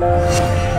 Música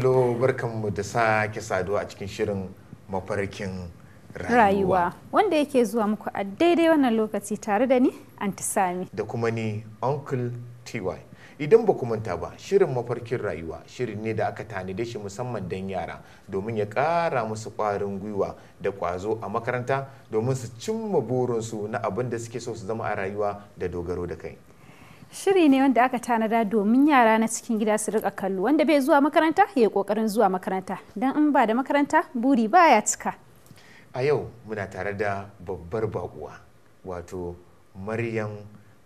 kallo mu da sake saduwa a cikin shirin mafarkin rayuwa wanda yake zuwa muku a daidai wannan lokaci tare da ni antisami da kuma ni uncle ty idan ba manta ba shirin mafarkin rayuwa shirin ne da aka tanade shi musamman don yara domin ya kara musu kwarin gwiwa da ƙwazo a makaranta domin su cimma burinsu na abin da suke so su zama a rayuwa da dogaro da kai Shiri ne wanda aka tanada domin yara na cikin gida su rika kallo wanda bai zuwa makaranta ya yi kokarin zuwa makaranta don in ba da makaranta buri baya cika. A yau muna tare da babbar bakuwa wato Maryam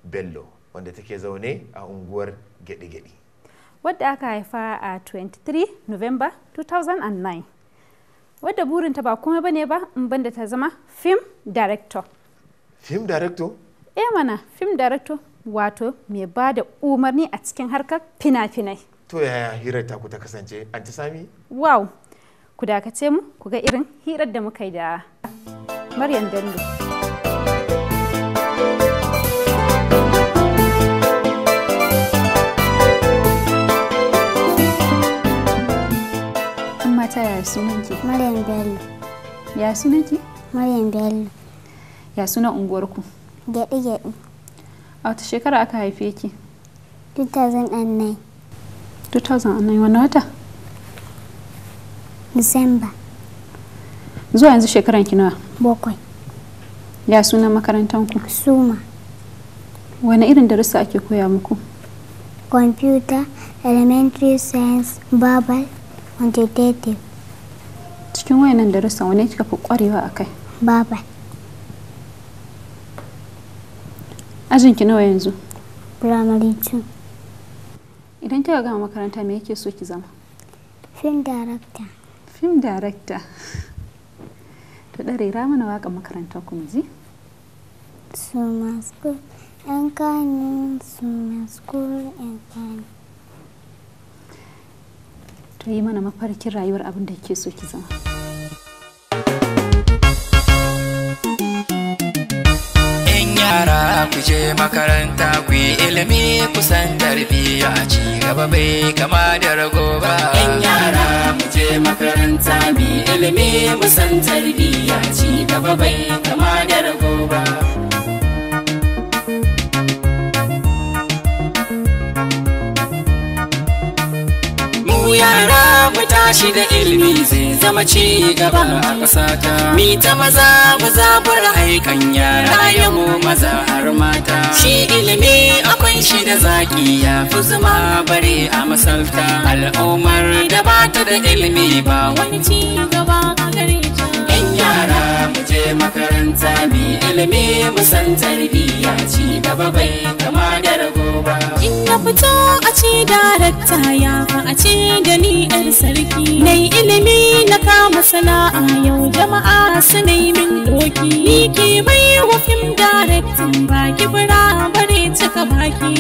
Bello wanda take zaune a unguwar gedi-gedi Wadda aka haifa a 23 November 2009. Wadda burinta ba kuma bane ba in banda ta zama film director. Film director? Eh mana film director wato mai ba da umarni a cikin harkar fina-finai. To yaya hirar taku ta kasance an ci sami? Wow! Ku dakace mu ku ga irin hirar da muka yi da Maryam Bello. Mata ya yaya sunanki? Maryam Bello. Ya sunanki? Maryam Bello. Ya sunan unguwarku? Gyaɗe-gyaɗe. a wata shekara aka haife ki 2009 2009 wani wata Disamba. Zuwa yanzu shekaran ki nawa? Bakwai. Ya sunan makarantar ku? Suma. Wani irin darussa ake koya muku? Computer, elementary science, babal, quantitative. Cikin wayannan darussa wani kika fi kwarewa akai? Babal. Ajin ki nawa yanzu? Primary two. Idan kika gama makaranta me yake so ki zama? Film director. Film director. To dare ra mana waka makaranta ku ji? So masu ‘yan kani su masu ‘yan kani. To yi mana mafarkin rayuwar abin da ke so ki zama. yara ku je makaranta ku yi ilimi kusan tarbiyya a ci gaba bai kama da rago ba yan yara ku je makaranta mu ilimi kusan tarbiyya a ci gaba bai kama da rago ba mu yara mu ba da ilimi zai zama ci gaba a kasata Mi ta maza ba za bar aikan yara ya mu maza har mata. Shi ilimi akwai shi da zaki ya fi zuma bare a masalta. Al'ummar da ba ta da ilimi ba wani ci gaba a gare ta. yara mu je makaranta mi ilimi mu san tarbiyya ci gaba bai kama da rago ba. In na fito a ce darakta ya fa a ce gani ni sarki. doki nai ilimi na kama sana'a yau jama'a su nai min doki ni ke mai wa daraktin ba baki bura bare cika baki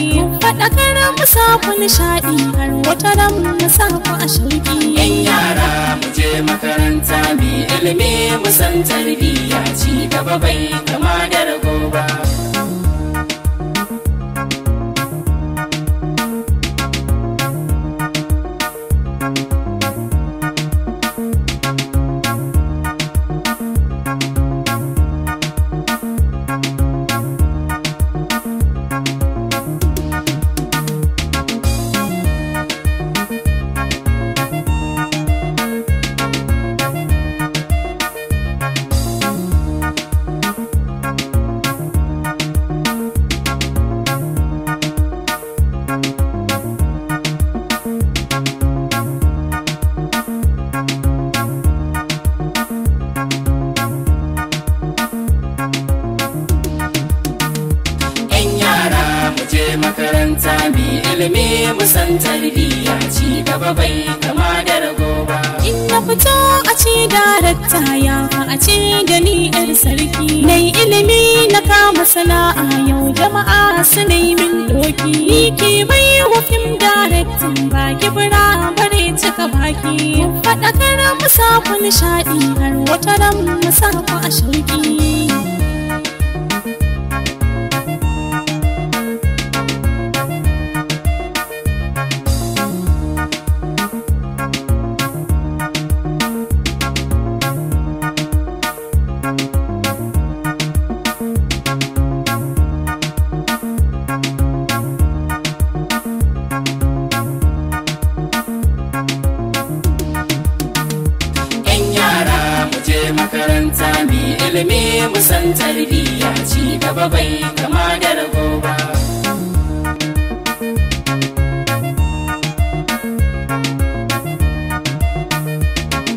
faɗakar musa ku nishaɗi har wata ran musa ku a shauki yan yara mu je makaranta mai ilimi mu san tarbiyya ci gaba bai kama da ragowa darakta ya a ce da ni yar sarki nai ilimi na kama sana'a yau jama'a su min doki ni ke mai hufin daraktan ba kibira bare cika baki faɗakar musa ku nishaɗi har wata ran musa ku a shauki ne busan tarbiyya ci gaba bai kama da rago ba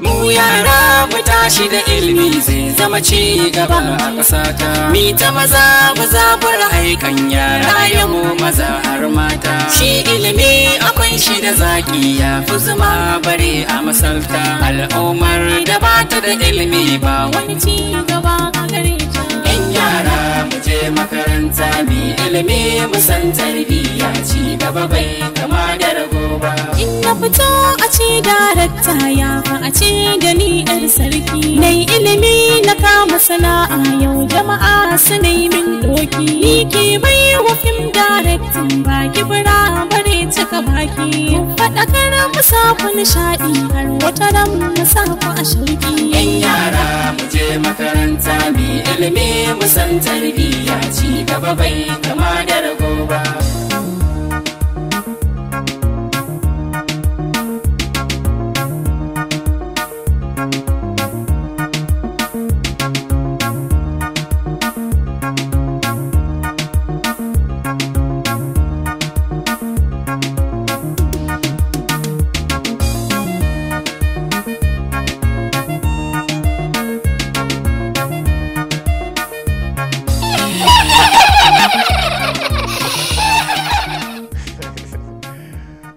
mu yara mu tashi da ilimi zai zama ci gaba a ƙasata mi ta maza mu zabura aikan yara ya maza har mata shi ilimi akwai shi da zaƙi ya fi zuma bare a masalta al'ummar da ba ta da ilimi ba wani ci gaba yara mu je makaranta mi ilimi mu san tarbiyya ci gaba bai kama da rago ba in na fito a ce darakta ya fa a ce da ni ɗan sarki nai ilimi na kama sana'a yau jama'a su min doki ni ke bai fim directing baki, kibira bane cika baki faɗakar musa ku nishaɗi har wata ran musa ku a shauki yan yara mu je makaranta mi ilimi mu san tarbiyya ci gaba bai kama da ragowa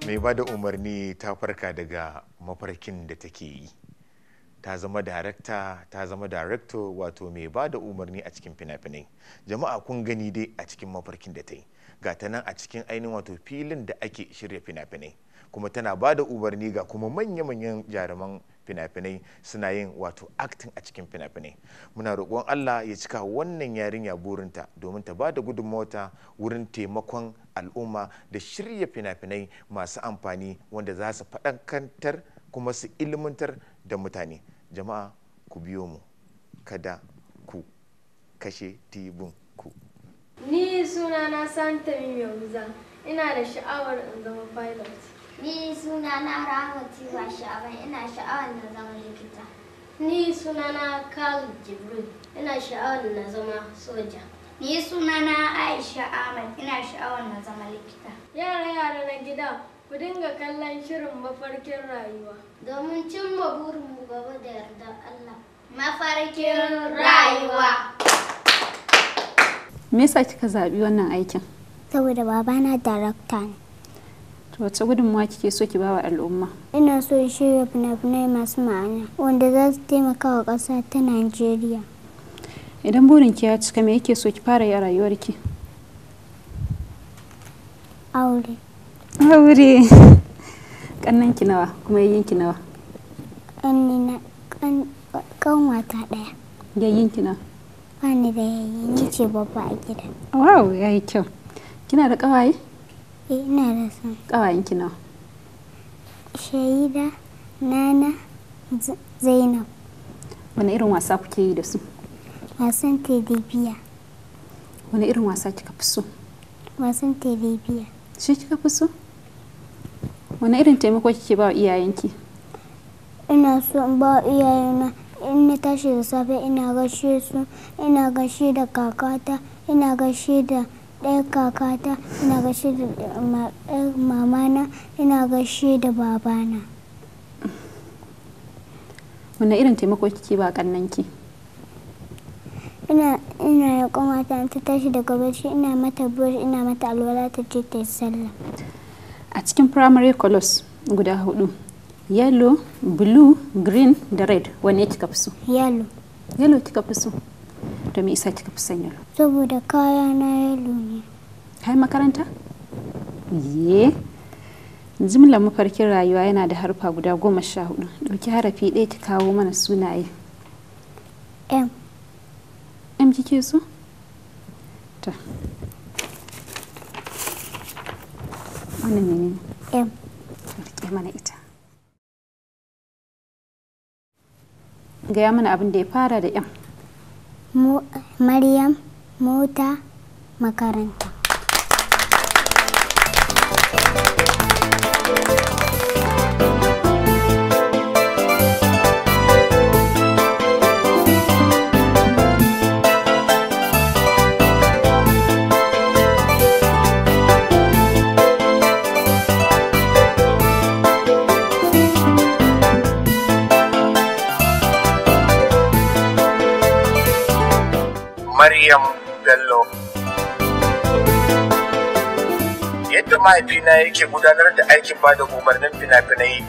mai ba da umarni ta farka daga mafarkin da take yi ta zama darakta ta zama darakto wato mai ba da umarni a cikin fina-finai jama'a kun gani dai a cikin mafarkin da ta yi ga ta nan a cikin ainihin wato filin da ake shirya fina-finai kuma tana ba da umarni ga kuma manya-manyan jaruman fina-finai suna yin wato acting a cikin fina-finai muna roƙon allah ya cika wannan yarinya burinta domin ta ba da gudunmawata wurin taimakon al'umma da shirya fina-finai masu amfani wanda za su faɗakantar kuma su ilmantar da mutane jama'a ku biyo mu kada ku kashe tibin ku ni sunana santa mimiyoza ina da sha'awar in zama pilot Ni suna na Rahama Tiwa ina sha'awar na zama likita. Ni suna na Kalu Jibril ina sha'awar na zama soja. Ni suna na Aisha Ahmed ina sha'awar na zama likita. Yara yara na gida ku dinga kallon shirin mafarkin rayuwa. Domin cimma burinmu gaba da yarda Allah. Mafarkin rayuwa. Me yasa kika zaɓi wannan aikin? Saboda babana darakta ne. Wace gudunmawa kike so ki bawa al'umma? Ina so in shirya fina-finai masu ma'ana wanda za su taimaka wa ƙasa ta Najeriya. Idan burin ki ya cika me yake so ki fara yi a ki. Aure. Aure. ki nawa kuma ki nawa? Kannina kanwata ɗaya. Yayyinki nawa? Ba ni da yayyi, ni ce babba a gida. Wow, yayi kyau. Kina da ƙawaye? Eh ina da son. ƙawayenki nawa? Shaida, Nana, Zainab. Wani irin wasa kuke yi da su? Wasan telebiya. Wani irin wasa kika fi so? Wasan telebiya. Shi kika fi so? Wani irin taimako kike ba wa iyayenki? Ina so in ba wa iyayena in na tashi da safe ina gashe su, ina gashe da kakata, ina gashe da ɗaya kakata ina gaishe da mamana ina gaishe da babana wanda irin taimako kike ba kannanki ina ya kuma ta tashi daga barci ina mata bur ina mata alwala ta ce ta sallah a cikin primary colors guda hudu yellow blue green da red wanne kika fi su yellow yellow kika fi so da me isa kika fi sanya yalo saboda kaya na yalo ne kai makaranta ye Jimla mafarkin rayuwa yana da harfa guda goma sha hudu doki harafi ɗaya ki kawo mana sunaye m m kike so ta wannan menene m rike mana ita gaya mana abin da ya fara da m maryam mota makaranta Maryam Bello. Yadda mahaifina yake gudanar da aikin ba da umarnin fina-finai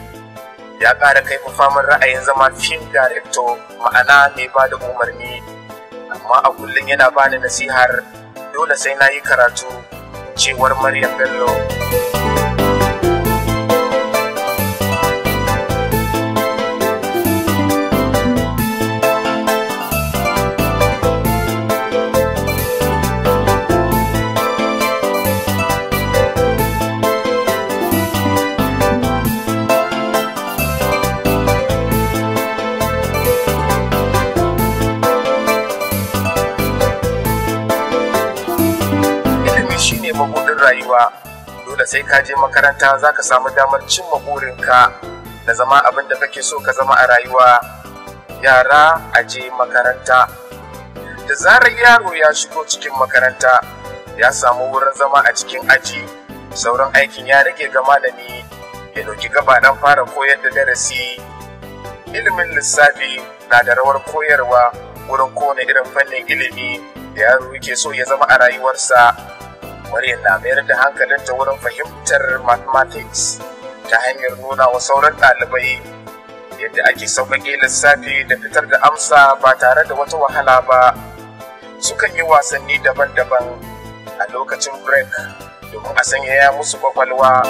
ya ƙara kai famar ra'ayin zama fim director ma'ana mai ba da umarni amma a kullum yana ba ni nasihar dole sai na yi karatu cewar Maryam Bello. da sai ka je makaranta za ka samu damar cimma burinka da zama abin da kake so ka zama a rayuwa yara a je makaranta da zarar yaro ya shigo cikin makaranta ya samu wurin zama a cikin aji sauran aikin ya rage ga malami ya ɗauki gaba don fara koyar da darasi ilimin lissafi na da rawar koyarwa wurin kowane irin fannin ilimi da yaro yake so ya zama a rayuwarsa Maryam na mayar da hankalin ta wurin fahimtar mathematics ta hanyar nuna wa sauran ɗalibai yadda ake sauƙaƙe lissafi da fitar da amsa ba tare da wata wahala ba sukan yi wasanni daban-daban a lokacin break domin a sanyaya musu kwakwalwa.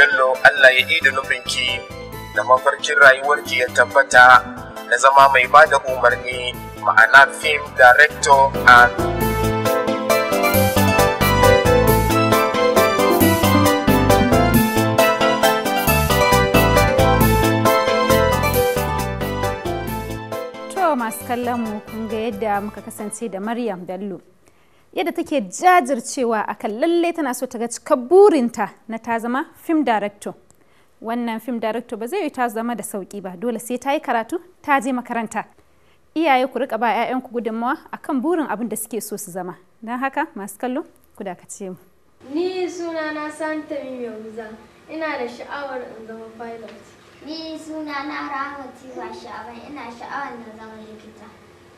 Bello Allah ya idu nufinki da mafarkin rayuwarki ya tabbata na zama mai ba da umarni ma'ana film director and masu kallon mu kun ga yadda muka kasance da Maryam Bello. yadda take jajircewa a kan lalle tana so ta ga cika burinta na ta zama film director wannan film director ba zai yi ta zama da sauki ba dole sai ta yi karatu ta je makaranta iyaye ku rika ba 'ya'yanku gudunmawa akan burin abin da suke so su zama don haka masu kallo ku dakace mu ni suna na santa mimiyoza ina da sha'awar in zama pilot ni suna na rahama ba sha'awar ina sha'awar na zama likita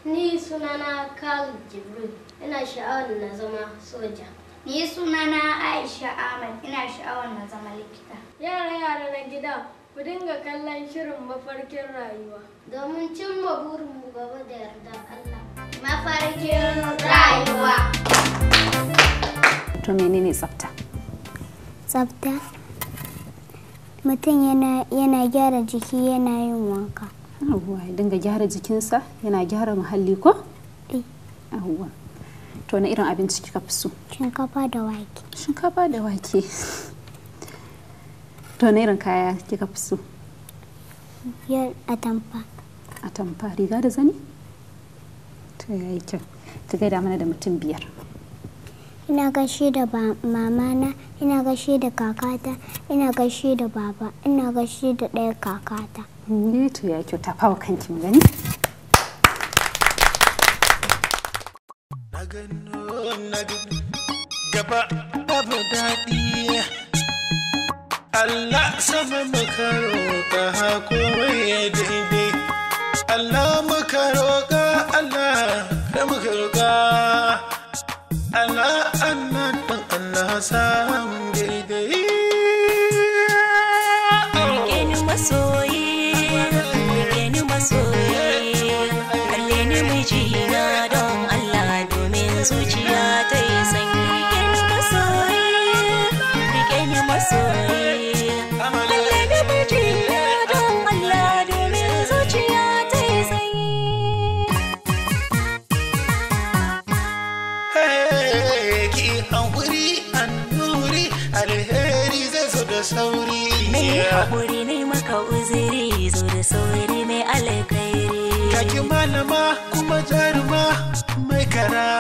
Ni sunana Khalid Jibril, ina sha'awar na zama soja. Ni sunana Aisha Ahmad, ina sha'awar na zama likita. Yara-yara na gida, ku dinga kallon shirin mafarkin rayuwa. Domin cimma burinmu gaba da yarda Allah. Mafarkin rayuwa. To menene tsafta? Tsafta? Mutum yana gyara jiki yana yin wanka. yawwa ya dinga gyara jikinsa yana gyara muhalli ko eh. yawwa to na irin abinci kika fi so shinkafa da wake shinkafa da wake to na irin kaya kika fi so yar atamfa atamfa riga da zani to yayi kyau ta gaida mana da mutum biyar ina gashi da mamana ina gashi da kakata ina gashi da baba ina gashi da ɗaya kakata ne to ya kyauta fawa kanki mu gani gaba babu daɗi Allah sama makaro ka hakurai ya daidai Allah makaro ka Allah makaro ka Allah Allah Allah sama Gaki malama kuma jaruma mai kara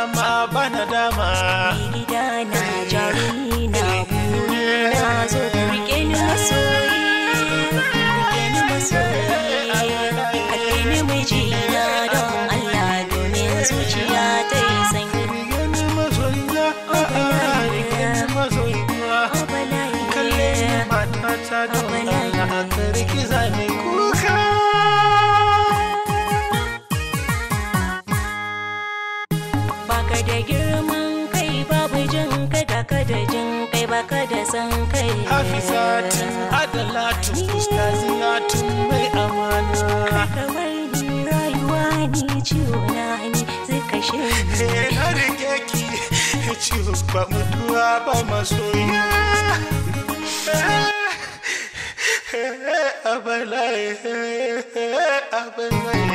ba masoya abalaye abalaye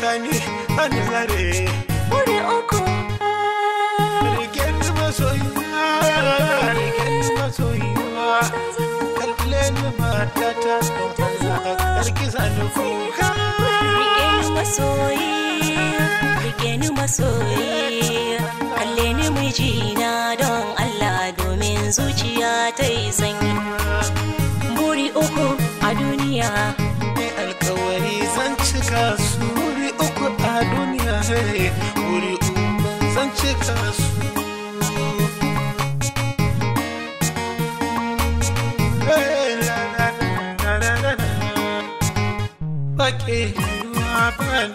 sani an zare wuri uku rigen masoyiya rigen masoyiya kalkule ni matata karki sani kuka rigen masoyiya rigen masoyiya kalle ni mijina don Allah domin zuciya ta yi sanyi bake in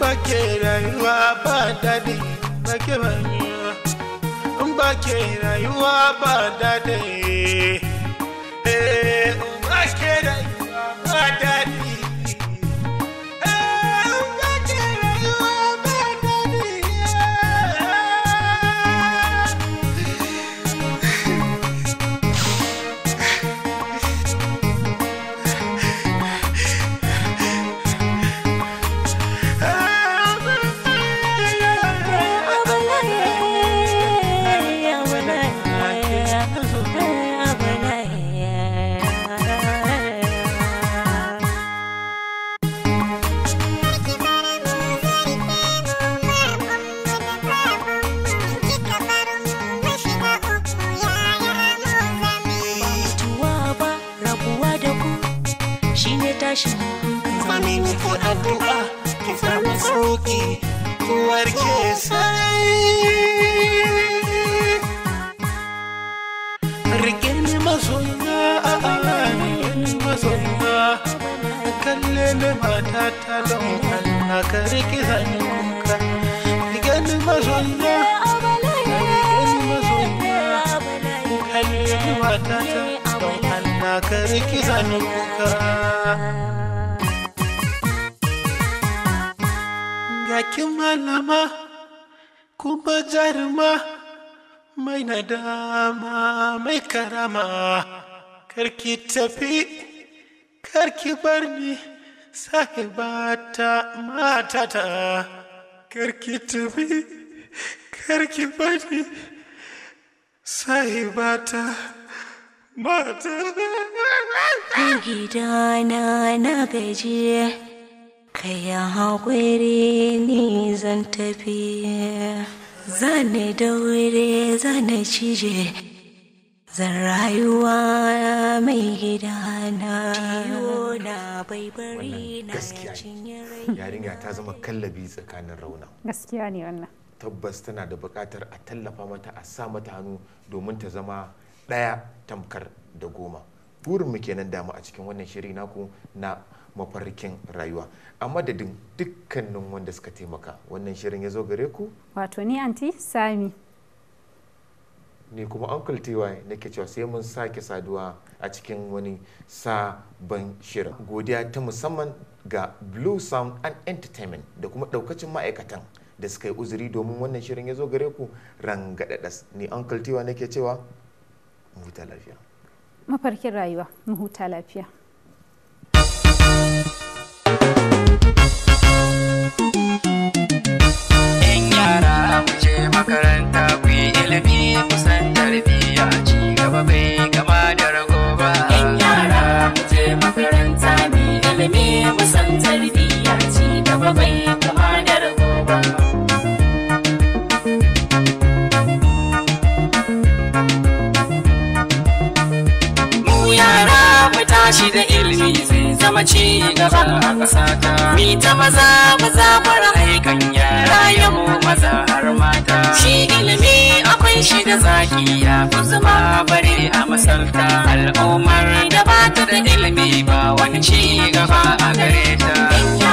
bake rayuwa ba daɗi bake rayuwa in bake rayuwa ba eh ki zani kuka ga kin malama kuma jaruma mai nadama mai karama karki tafi karki bar ni sahibata matata karki tafi karki bar ni sahibata Gidana na gaji, kayan haƙuri ni zan tafi. Zane daure zane cije, zan rayuwa mai gida na bai bari na cinye Yarinya ta zama kallabi tsakanin rauna. Gaskiya ne wannan. Tabbas tana da buƙatar a tallafa mata a sa mata hannu domin ta zama ɗaya tamkar da goma burinmu kenan damu a cikin wannan shiri naku na mafarkin rayuwa a madadin dukkanin wanda suka taimaka wannan shirin ya zo gare ku wato ni anti sami ni kuma uncle ty nake cewa sai mun sake saduwa a cikin wani sabon shirin godiya ta musamman ga blue sound and entertainment da kuma daukacin ma'aikatan da suka yi uzuri domin wannan shirin ya zo gare ku rangadadas ni uncle ty nake cewa mu lafiya mafarkin rayuwa mu huta lafiya yan yara mu je makaranta ku yi ilimi zaki ya fi zuma bare a masalta al'ummar da ba ta da ilimi ba wani ci gaba a gare ta.